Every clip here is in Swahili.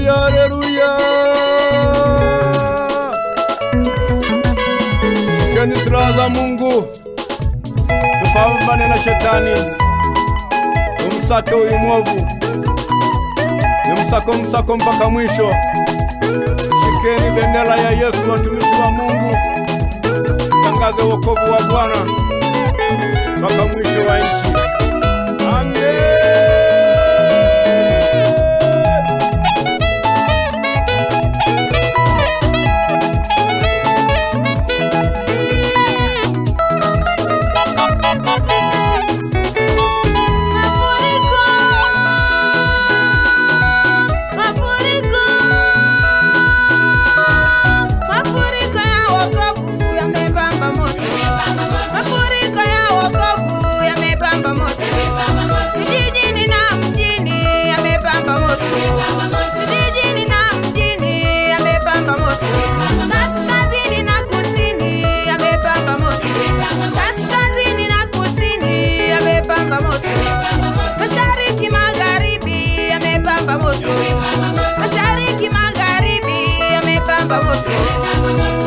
Haleluya, haleluya. Shikeni silaha za Mungu, tupambane na shetani, tumsake huyu mwovu, nimsako msako mpaka mwisho. Shikeni bendera ya Yesu, watumishi wa Mungu, tangaze wokovu wa Bwana mpaka mwisho wa nchi. Amen. baboto.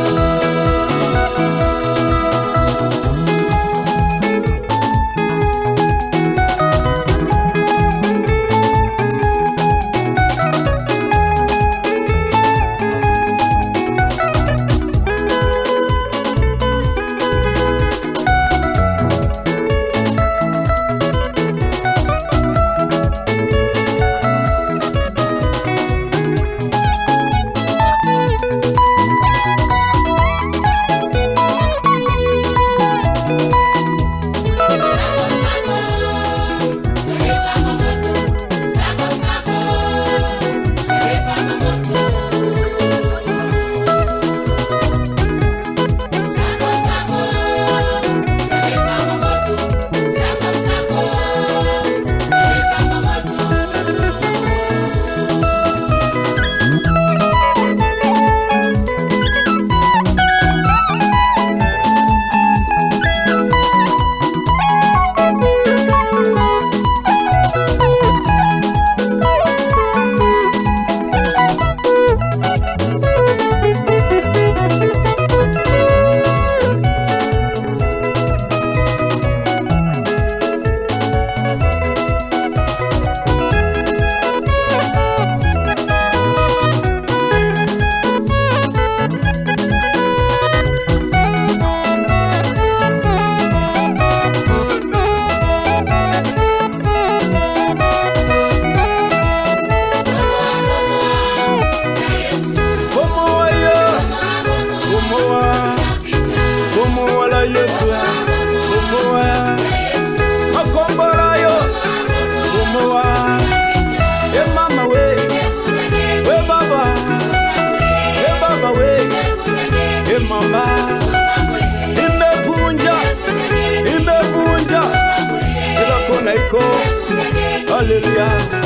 hallelujah.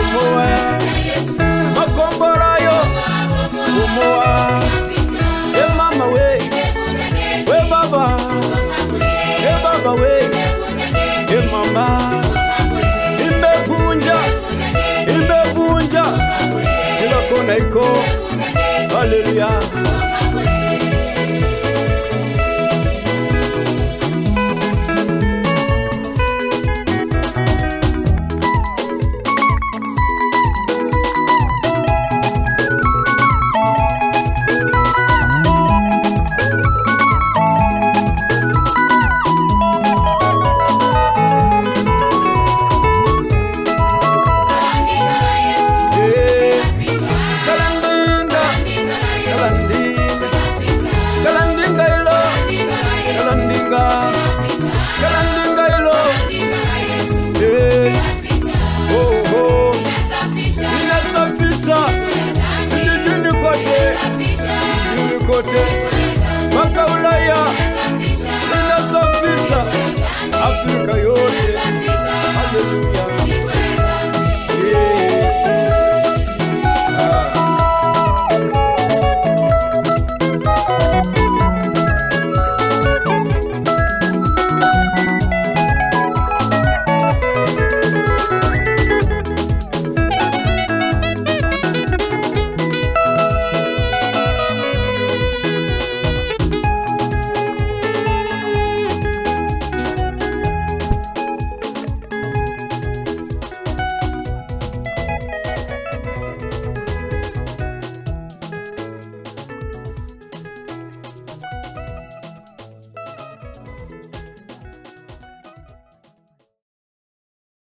Whoa, whoa.